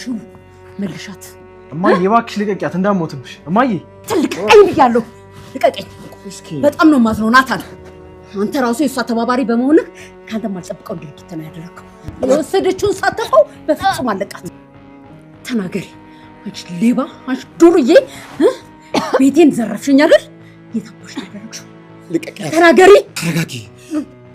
ያደረግሽው መልሻት። እማዬ እባክሽ ልቀቂያት፣ እንዳትሞትብሽ እማዬ። ትልቅ ቀይ ብያለሁ፣ በጣም ነው የማዝነው ናታን። አንተ ራሱ የእሷ ተባባሪ በመሆንህ ከአንተ የማልጠብቀው ድርጊት ነው ያደረግከው። የወሰደችውን ሳተፈው በፍጹም አለቃት። ተናገሪ አንቺ ሌባ፣ አንቺ ዱርዬ! ቤቴን ዘረፍሽኝ አይደል? ያደረግሽው። ልቀቂያት። ተናገሪ። ተረጋጊ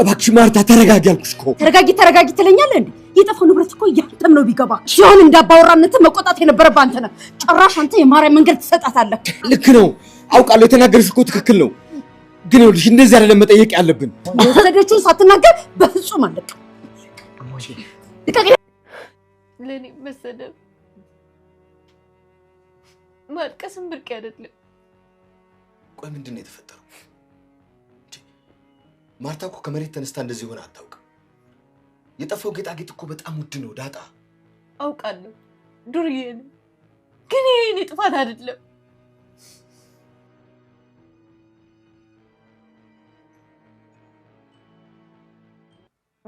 እባክሽ ማርታ፣ ተረጋጊ አልኩሽ እኮ። ተረጋጊ ተረጋጊ ትለኛለህ እንዴ? የጠፋው ንብረት እኮ እያጠም ነው ቢገባ ሲሆን እንዳባወራነት መቆጣት የነበረብህ አንተ ነህ። ጭራሽ አንተ የማርያም መንገድ ትሰጣታለህ። ልክ ነው አውቃለሁ። የተናገርሽ እኮ ትክክል ነው። ግን ይኸውልሽ እንደዚህ አይደለም መጠየቅ ያለብን። ወሰደችውን ሳትናገር በፍጹም አለቅ ለእኔ መሰደብ ማልቀስም ብርቅ አይደለም። ቆይ ምንድን ነው የተፈጠረው? ማርታ እኮ ከመሬት ተነስታ እንደዚህ ሆነ አታውቅ የጠፋው ጌጣጌጥ እኮ በጣም ውድ ነው ዳጣ። አውቃለሁ ዱርዬ፣ ግን ይሄ ጥፋት አይደለም።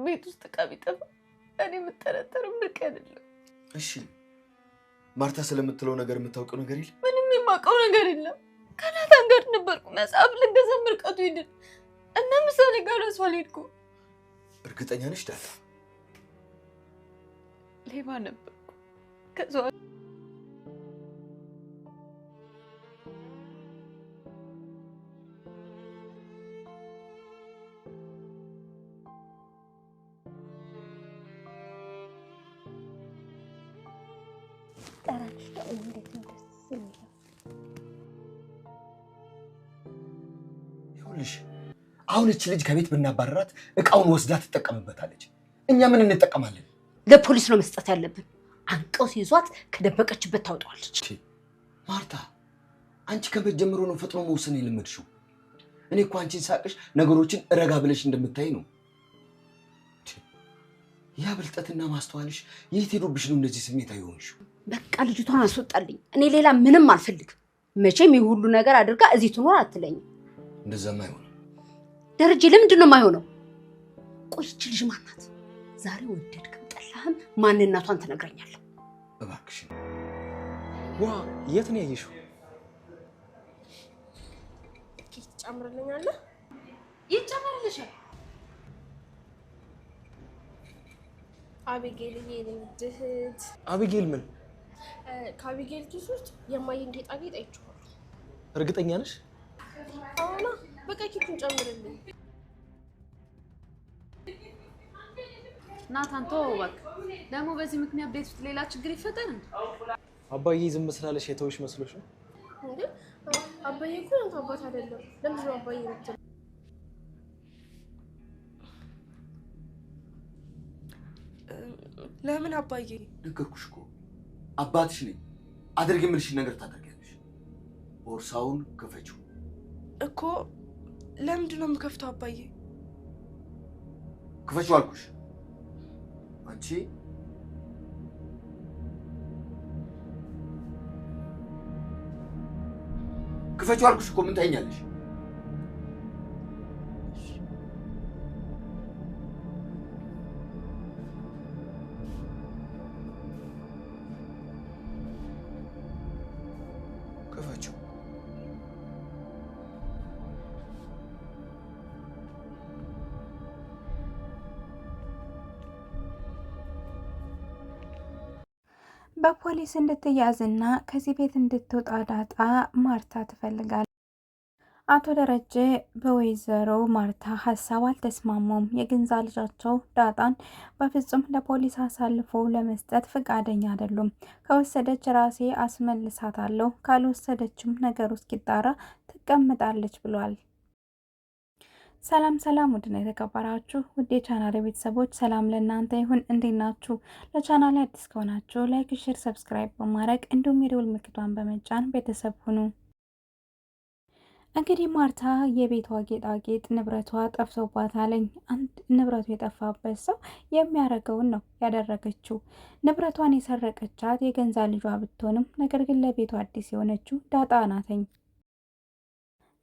ቤት ውስጥ እቃ ቢጠፋ እኔ የምጠረጠር ምርቅ አይደለም። እሺ ማርታ ስለምትለው ነገር የምታውቀው ነገር የለም? ምንም የማውቀው ነገር የለም። ከናታን ጋር ነበርኩ መጽሐፍ ልገዛ ምርቀቱ ሄድን እና ምሳሌ ጋር እሷ አልሄድኩም። እርግጠኛ ነሽ ዳታ? ሌባ ነበርኩ። ከዛ እንዴት ነው ደስ የሚለው። አሁን እች ልጅ ከቤት ብናባረራት እቃውን ወስዳ ትጠቀምበታለች። እኛ ምን እንጠቀማለን? ለፖሊስ ነው መስጠት ያለብን። አንቀው ሲይዟት ከደበቀችበት ታውጠዋለች። ማርታ፣ አንቺ ከመቼ ጀምሮ ነው ፈጥኖ መውሰን የለመድሽው? እኔ እኮ አንቺን ሳቅሽ ነገሮችን ረጋ ብለሽ እንደምታይ ነው። ያ ብልጠትና ማስተዋልሽ የት ሄዶብሽ ነው እንደዚህ ስሜት አይሆንሽ? በቃ ልጅቷን አስወጣልኝ። እኔ ሌላ ምንም አልፈልግም። መቼም ይህ ሁሉ ነገር አድርጋ እዚህ ትኖር አትለኝም። እንደዛም አይሆንም ደረጀ። ለምንድን ነው የማይሆነው? ቆይች ልጅ ማናት? ዛሬ ወደድክ አግኝተህም ማንነቷን ትነግረኛለህ። እባክሽ። ዋ የት ነው ያየሽው? ትጨምርልኛለህ? ይጨምርልሻል። አቢጌል ድህት አቢጌል ምን ከአቢጌል ኪስ ውስጥ የማየን ጌጣጌጥ አይቼዋለሁ። እርግጠኛ ነሽ? አዎና፣ በቃ ኪቱን ጨምርልኝ። ናታን ተወወቅ እባክህ። ደግሞ በዚህ ምክንያት ቤት ውስጥ ሌላ ችግር ይፈጠር እንዴ? አባዬ ዝም ስላለሽ የተውሽ መስሎሽ ነው እንዴ? አባዬ እኮ አንተ አባት አይደለም። ለምን ነው አባዬ የምትለው? ለምን አባዬ? ነገርኩሽ እኮ አባትሽ ነኝ። አድርግ የምልሽን ነገር ታደርጊያለሽ። ቦርሳውን ክፈችው እኮ። ለምንድን ነው የምከፍተው አባዬ? ክፈችው አልኩሽ። anti ክፈችዋልኩሽ እኮ ምን ታይኛለሽ? በፖሊስ እንድትያዝና ከዚህ ቤት እንድትወጣ ዳጣ ማርታ ትፈልጋል አቶ ደረጀ በወይዘሮ ማርታ ሀሳብ አልተስማሙም። የግንዛ ልጃቸው ዳጣን በፍጹም ለፖሊስ አሳልፎ ለመስጠት ፈቃደኛ አይደሉም። ከወሰደች ራሴ አስመልሳታለሁ፣ ካልወሰደችም ነገሩ እስኪጣራ ትቀምጣለች ብሏል። ሰላም ሰላም፣ ውድና የተከበራችሁ ውድ የቻናል ቤተሰቦች ሰላም ለእናንተ ይሁን። እንዴት ናችሁ? ለቻናል አዲስ ከሆናችሁ ላይክ፣ ሼር፣ ሰብስክራይብ በማድረግ እንዲሁም የደውል ምልክቷን በመጫን ቤተሰብ ሁኑ። እንግዲህ ማርታ የቤቷ ጌጣጌጥ ንብረቷ ጠፍቶባታለኝ። አንድ ንብረቱ የጠፋበት ሰው የሚያደርገውን ነው ያደረገችው። ንብረቷን የሰረቀቻት የገንዛ ልጇ ብትሆንም ነገር ግን ለቤቷ አዲስ የሆነችው ዳጣ ናተኝ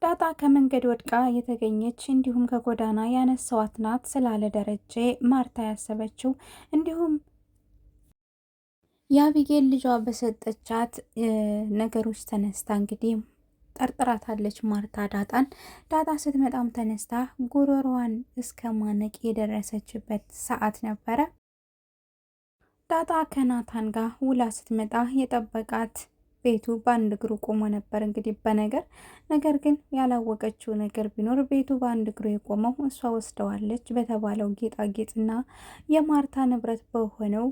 ዳጣ ከመንገድ ወድቃ የተገኘች እንዲሁም ከጎዳና ያነሳዋት ናት ስላለ ደረጀ ማርታ ያሰበችው እንዲሁም የአቢጌል ልጇ በሰጠቻት ነገሮች ተነስታ እንግዲህ ጠርጥራታለች ማርታ ዳጣን። ዳጣ ስትመጣም ተነስታ ጉሮሯን እስከ ማነቅ የደረሰችበት ሰዓት ነበረ። ዳጣ ከናታን ጋር ውላ ስትመጣ የጠበቃት ቤቱ በአንድ እግሩ ቆሞ ነበር እንግዲህ በነገር ነገር ግን ያላወቀችው ነገር ቢኖር ቤቱ በአንድ እግሩ የቆመው እሷ ወስደዋለች በተባለው ጌጣጌጥና የማርታ ንብረት በሆነው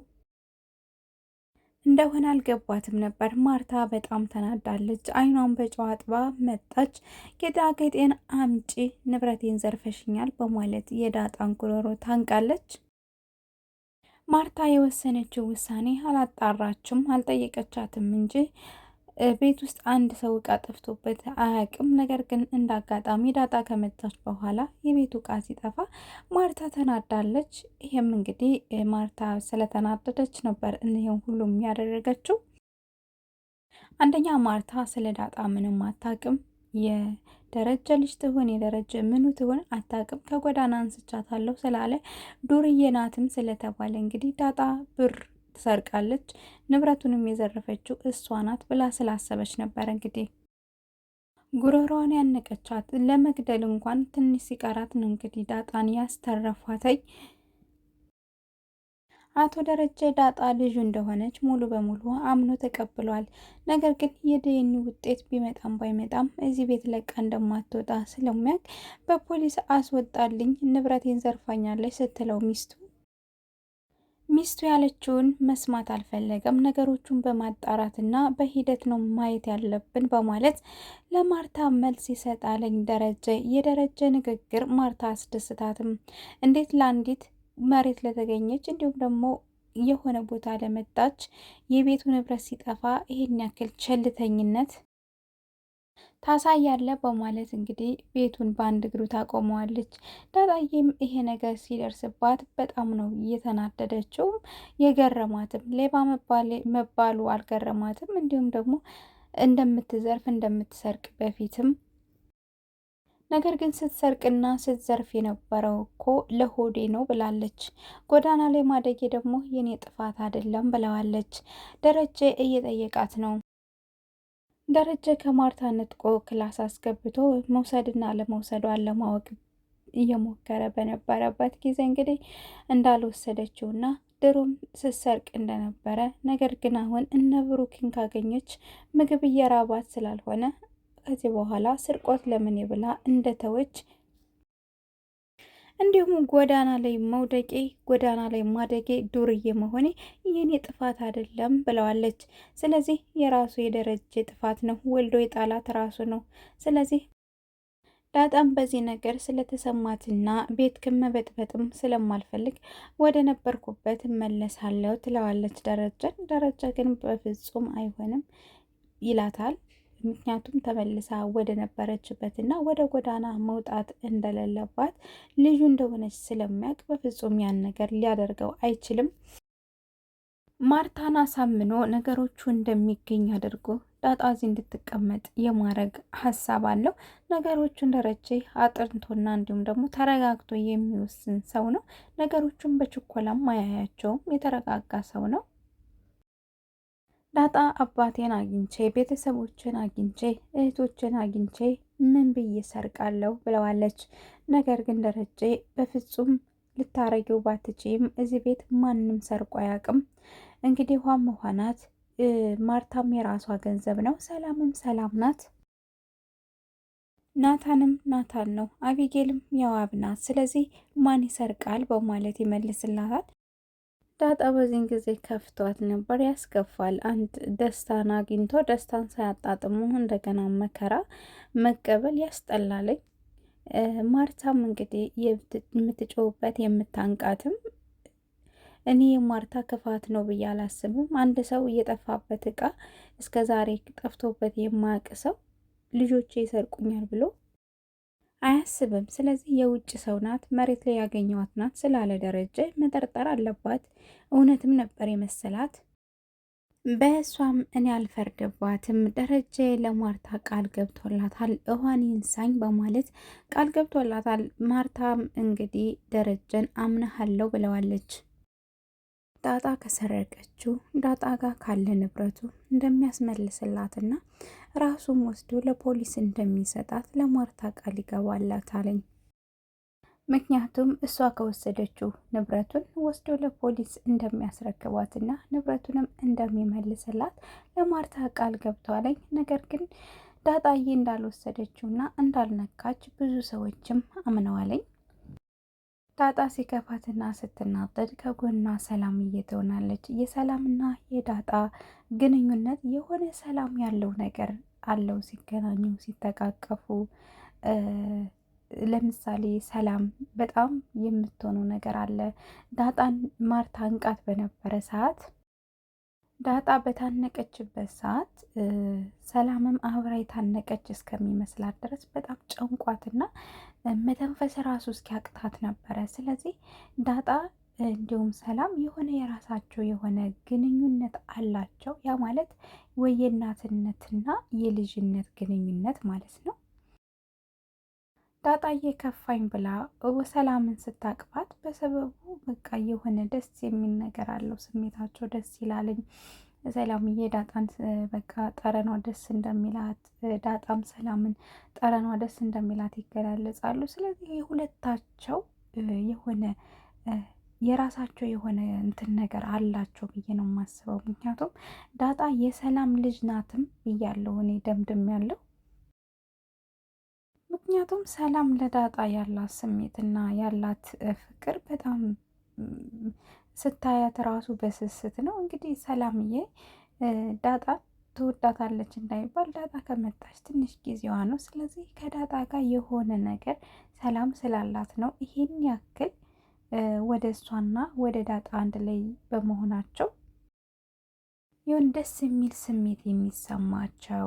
እንደሆነ አልገባትም ነበር። ማርታ በጣም ተናዳለች። አይኗን በጨዋጥባ መጣች። ጌጣጌጤን አምጪ፣ ንብረቴን ዘርፈሽኛል በማለት የዳጣን ጉሮሮ ታንቃለች። ማርታ የወሰነችው ውሳኔ አላጣራችም፣ አልጠየቀቻትም እንጂ ቤት ውስጥ አንድ ሰው እቃ ጠፍቶበት አያውቅም። ነገር ግን እንደ አጋጣሚ ዳጣ ከመጣች በኋላ የቤቱ እቃ ሲጠፋ ማርታ ተናዳለች። ይህም እንግዲህ ማርታ ስለተናደደች ነበር እኒህም ሁሉም ያደረገችው። አንደኛ ማርታ ስለ ዳጣ ምንም አታውቅም። የደረጀ ልጅ ትሆን የደረጀ ምኑ ትሆን አታውቅም። ከጎዳና አንስቻታለሁ ስላለ ዱርዬ ናትም ስለተባለ እንግዲህ ዳጣ ብር ትሰርቃለች፣ ንብረቱንም የዘረፈችው እሷ ናት ብላ ስላሰበች ነበር እንግዲህ ጉሮሮዋን ያነቀቻት። ለመግደል እንኳን ትንሽ ሲቀራት ነው እንግዲህ ዳጣን ያስተረፏተኝ። አቶ ደረጀ ዳጣ ልጁ እንደሆነች ሙሉ በሙሉ አምኖ ተቀብሏል። ነገር ግን የዲኤንኤ ውጤት ቢመጣም ባይመጣም እዚህ ቤት ለቃ እንደማትወጣ ስለሚያውቅ በፖሊስ አስወጣልኝ፣ ንብረቴን ዘርፋኛለች ስትለው ሚስቱ ሚስቱ ያለችውን መስማት አልፈለገም። ነገሮቹን በማጣራትና በሂደት ነው ማየት ያለብን በማለት ለማርታ መልስ ይሰጣለኝ ደረጀ። የደረጀ ንግግር ማርታ አስደስታትም። እንዴት ለአንዲት መሬት ለተገኘች እንዲሁም ደግሞ የሆነ ቦታ ለመጣች የቤቱ ንብረት ሲጠፋ ይሄን ያክል ቸልተኝነት ታሳያለ በማለት እንግዲህ ቤቱን በአንድ እግሩ ታቆመዋለች። ዳጣዬም ይሄ ነገር ሲደርስባት በጣም ነው እየተናደደችው የገረማትም ሌባ መባሉ አልገረማትም። እንዲሁም ደግሞ እንደምትዘርፍ እንደምትሰርቅ በፊትም ነገር ግን ስትሰርቅና ስትዘርፍ የነበረው እኮ ለሆዴ ነው ብላለች። ጎዳና ላይ ማደጌ ደግሞ የኔ ጥፋት አይደለም ብለዋለች። ደረጀ እየጠየቃት ነው ደረጀ ከማርታ ነጥቆ ክላስ አስገብቶ መውሰድና አለመውሰዷን ለማወቅ እየሞከረ በነበረበት ጊዜ እንግዲህ እንዳልወሰደችውና ድሮም ስትሰርቅ እንደነበረ ነገር ግን አሁን እነ ብሩክን ካገኘች ምግብ እየራባት ስላልሆነ ከዚህ በኋላ ስርቆት ለምን ብላ እንደተወች እንዲሁም ጎዳና ላይ መውደቄ ጎዳና ላይ ማደጌ ዱርዬ መሆኔ የኔ ጥፋት አይደለም ብለዋለች። ስለዚህ የራሱ የደረጀ ጥፋት ነው፣ ወልዶ የጣላት ራሱ ነው። ስለዚህ ዳጣም በዚህ ነገር ስለተሰማትና ቤት ከመበጥበጥም ስለማልፈልግ ወደ ነበርኩበት እመለሳለሁ ትለዋለች ደረጃን። ደረጃ ግን በፍጹም አይሆንም ይላታል። ምክንያቱም ተመልሳ ወደ ነበረችበት እና ወደ ጎዳና መውጣት እንደሌለባት ልዩ እንደሆነች ስለሚያውቅ በፍጹም ያን ነገር ሊያደርገው አይችልም። ማርታን አሳምኖ ነገሮቹ እንደሚገኝ አድርጎ ዳጣዚ እንድትቀመጥ የማድረግ ሀሳብ አለው። ነገሮቹን ደረጀ አጥንቶና እንዲሁም ደግሞ ተረጋግቶ የሚወስን ሰው ነው። ነገሮቹን በችኮላም አያያቸውም። የተረጋጋ ሰው ነው። ዳጣ አባቴን አግኝቼ ቤተሰቦችን አግኝቼ እህቶችን አግኝቼ ምን ብዬ ሰርቃለሁ ብለዋለች። ነገር ግን ደረጀ በፍጹም ልታረጊው ባትችም እዚህ ቤት ማንም ሰርቆ አያውቅም። እንግዲህ ውሃም ውሃ ናት፣ ማርታም የራሷ ገንዘብ ነው፣ ሰላምም ሰላም ናት፣ ናታንም ናታን ነው፣ አቢጌልም የዋብ ናት። ስለዚህ ማን ይሰርቃል በማለት ይመልስላታል። ዳጣ በዚህን ጊዜ ከፍቷት ነበር። ያስከፋል። አንድ ደስታን አግኝቶ ደስታን ሳያጣጥሙ እንደገና መከራ መቀበል ያስጠላለኝ። ማርታም እንግዲህ የምትጮውበት የምታንቃትም እኔ የማርታ ክፋት ነው ብዬ አላስብም። አንድ ሰው እየጠፋበት እቃ እስከ ዛሬ ጠፍቶበት የማያውቅ ሰው ልጆቼ ይሰርቁኛል ብሎ አያስብም። ስለዚህ የውጭ ሰው ናት፣ መሬት ላይ ያገኘዋት ናት ስላለ ደረጀ መጠርጠር አለባት። እውነትም ነበር የመሰላት። በእሷም እኔ አልፈርድባትም። ደረጀ ለማርታ ቃል ገብቶላታል። እዋን ይንሳኝ በማለት ቃል ገብቶላታል። ማርታም እንግዲህ ደረጀን አምነሃለው ብለዋለች። ዳጣ ከሰረቀችው ዳጣ ጋር ካለ ንብረቱ እንደሚያስመልስላትና ራሱም ወስዶ ለፖሊስ እንደሚሰጣት ለማርታ ቃል ይገባላታለኝ። ምክንያቱም እሷ ከወሰደችው ንብረቱን ወስዶ ለፖሊስ እንደሚያስረክባትና ንብረቱንም እንደሚመልስላት ለማርታ ቃል ገብቷለኝ። ነገር ግን ዳጣዬ እንዳልወሰደችውና እንዳልነካች ብዙ ሰዎችም አምነዋለኝ። ዳጣ ሲከፋትና ስትናደድ ከጎኗ ሰላም እየትሆናለች። የሰላምና የዳጣ ግንኙነት የሆነ ሰላም ያለው ነገር አለው። ሲገናኙ ሲተቃቀፉ፣ ለምሳሌ ሰላም በጣም የምትሆነው ነገር አለ። ዳጣን ማርታ እንቃት በነበረ ሰዓት ዳጣ በታነቀችበት ሰዓት ሰላምም አብራ የታነቀች እስከሚመስላት ድረስ በጣም ጨንቋትና መተንፈስ ራሱ እስኪያቅታት ነበረ። ስለዚህ ዳጣ እንዲሁም ሰላም የሆነ የራሳቸው የሆነ ግንኙነት አላቸው። ያ ማለት ወይ የእናትነትና የልጅነት ግንኙነት ማለት ነው። ዳጣ ከፋኝ ብላ ሰላምን ስታቅፋት በሰበቡ በቃ የሆነ ደስ የሚል ነገር አለው። ስሜታቸው ደስ ይላልኝ ሰላምዬ ዳጣን በቃ ጠረኗ ደስ እንደሚላት ዳጣም ሰላምን ጠረኗ ደስ እንደሚላት ይገላለጻሉ። ስለዚህ የሁለታቸው የሆነ የራሳቸው የሆነ እንትን ነገር አላቸው ብዬ ነው የማስበው። ምክንያቱም ዳጣ የሰላም ልጅ ናትም ብያለሁ እኔ ደምድም ያለው ምክንያቱም ሰላም ለዳጣ ያላት ስሜትና ያላት ፍቅር በጣም ስታያት ራሱ በስስት ነው እንግዲህ ሰላምዬ ዳጣ ትወዳታለች እንዳይባል ዳጣ ከመጣች ትንሽ ጊዜዋ ነው። ስለዚህ ከዳጣ ጋር የሆነ ነገር ሰላም ስላላት ነው ይሄን ያክል ወደ እሷና ወደ ዳጣ አንድ ላይ በመሆናቸው ይሁን ደስ የሚል ስሜት የሚሰማቸው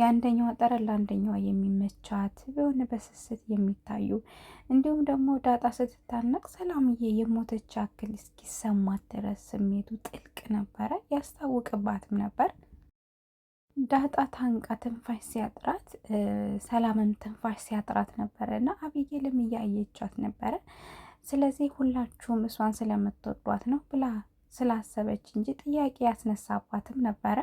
የአንደኛዋ ጠረን ለአንደኛዋ የሚመቻት የሆነ በስስት የሚታዩ እንዲሁም ደግሞ ዳጣ ስትታነቅ ሰላምዬ የሞተች አክል እስኪሰማት ድረስ ስሜቱ ጥልቅ ነበረ፣ ያስታውቅባትም ነበር። ዳጣ ታንቃ ትንፋሽ ሲያጥራት፣ ሰላምም ትንፋሽ ሲያጥራት ነበረ እና አብዬልም እያየቻት ነበረ። ስለዚህ ሁላችሁም እሷን ስለምትወዷት ነው ብላ ስላሰበች እንጂ ጥያቄ ያስነሳባትም ነበረ።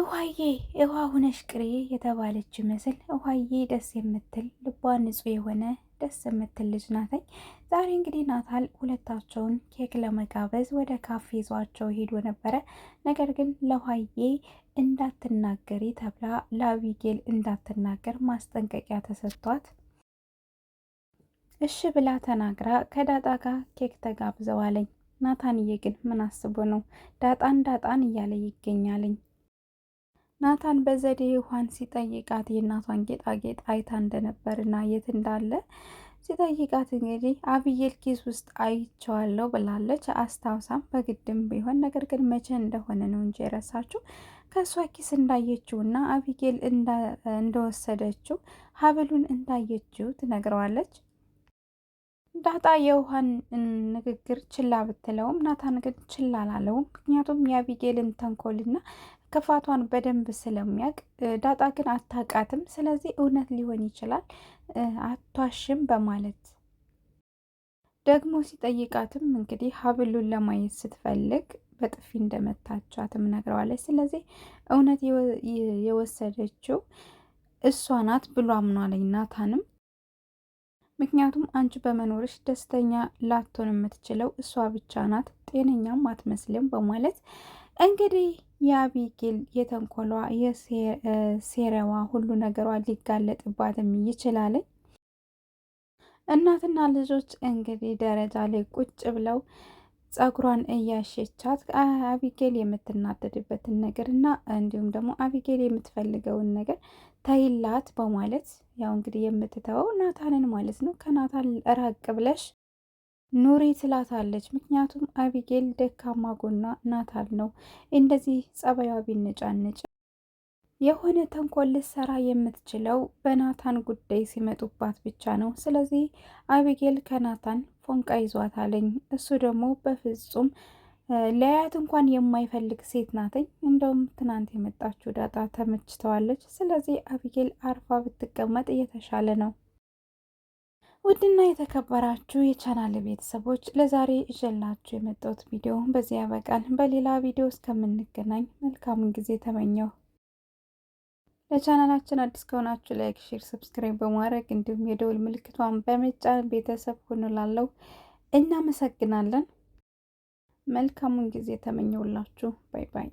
እዋዬ እዋ ሁነሽ ቅሬ የተባለች ምስል እዋዬ ደስ የምትል ልቧ ንጹሕ የሆነ ደስ የምትል ልጅ ናተኝ። ዛሬ እንግዲህ ናታል ሁለታቸውን ኬክ ለመጋበዝ ወደ ካፌ ይዟቸው ሄዶ ነበረ። ነገር ግን ለዋዬ እንዳትናገሪ ተብላ ለአቢጌል እንዳትናገር ማስጠንቀቂያ ተሰጥቷት እሺ ብላ ተናግራ ከዳጣ ጋር ኬክ ተጋብዘዋለኝ። ናታንዬ ግን ምን አስቦ ነው ዳጣን ዳጣን እያለ ይገኛልኝ። ናታን በዘዴ ውሃን ሲጠይቃት የእናቷን ጌጣጌጥ አይታ እንደነበርና የት እንዳለ ሲጠይቃት እንግዲህ አብዬል ኪስ ውስጥ አይቼዋለሁ ብላለች። አስታውሳም በግድም ቢሆን ነገር ግን መቼ እንደሆነ ነው እንጂ የረሳችው ከእሷ ኪስ እንዳየችው እና አብዬል እንደወሰደችው ሀብሉን እንዳየችው ትነግረዋለች። ዳጣ የውሃን ንግግር ችላ ብትለውም ናታን ግን ችላ አላለውም። ምክንያቱም የአቢጌልን ተንኮልና ክፋቷን በደንብ ስለሚያውቅ፣ ዳጣ ግን አታውቃትም። ስለዚህ እውነት ሊሆን ይችላል አቷሽም በማለት ደግሞ ሲጠይቃትም እንግዲህ ሀብሉን ለማየት ስትፈልግ በጥፊ እንደመታቻትም ነግረዋለች። ስለዚህ እውነት የወሰደችው እሷ ናት ብሎ አምኗለኝ ናታንም ምክንያቱም አንቺ በመኖርሽ ደስተኛ ላትሆን የምትችለው እሷ ብቻ ናት፣ ጤነኛም አትመስልም በማለት እንግዲህ የአቢጌል የተንኮሏ የሴረዋ ሁሉ ነገሯ ሊጋለጥባትም ይችላል። እናትና ልጆች እንግዲህ ደረጃ ላይ ቁጭ ብለው ጸጉሯን እያሸቻት አቢጌል የምትናደድበትን ነገር እና እንዲሁም ደግሞ አቢጌል የምትፈልገውን ነገር ተይላት በማለት ያው እንግዲህ የምትተወው ናታንን ማለት ነው። ከናታን ራቅ ብለሽ ኑሪ ትላታለች። ምክንያቱም አቢጌል ደካማ ጎኗ ናታን ነው። እንደዚህ ጸባዩ ቢነጫነጭ የሆነ ተንኮል ልትሰራ የምትችለው በናታን ጉዳይ ሲመጡባት ብቻ ነው። ስለዚህ አቢጌል ከናታን ፎንቃ ይዟት አለኝ። እሱ ደግሞ በፍጹም ለያት እንኳን የማይፈልግ ሴት ናትኝ። እንደውም ትናንት የመጣችው ዳጣ ተመችተዋለች። ስለዚህ አብጌል አርፋ ብትቀመጥ እየተሻለ ነው። ውድና የተከበራችሁ የቻናል ቤተሰቦች ለዛሬ እጀላችሁ የመጣሁት ቪዲዮ በዚህ ያበቃል። በሌላ ቪዲዮ እስከምንገናኝ መልካሙን ጊዜ ተመኘሁ። ለቻናላችን አዲስ ከሆናችሁ ላይክ፣ ሼር፣ ሰብስክራይብ በማድረግ እንዲሁም የደውል ምልክቷን በመጫን ቤተሰብ ሁኑ። እናመሰግናለን። መልካሙን ጊዜ ተመኘውላችሁ። ባይ ባይ።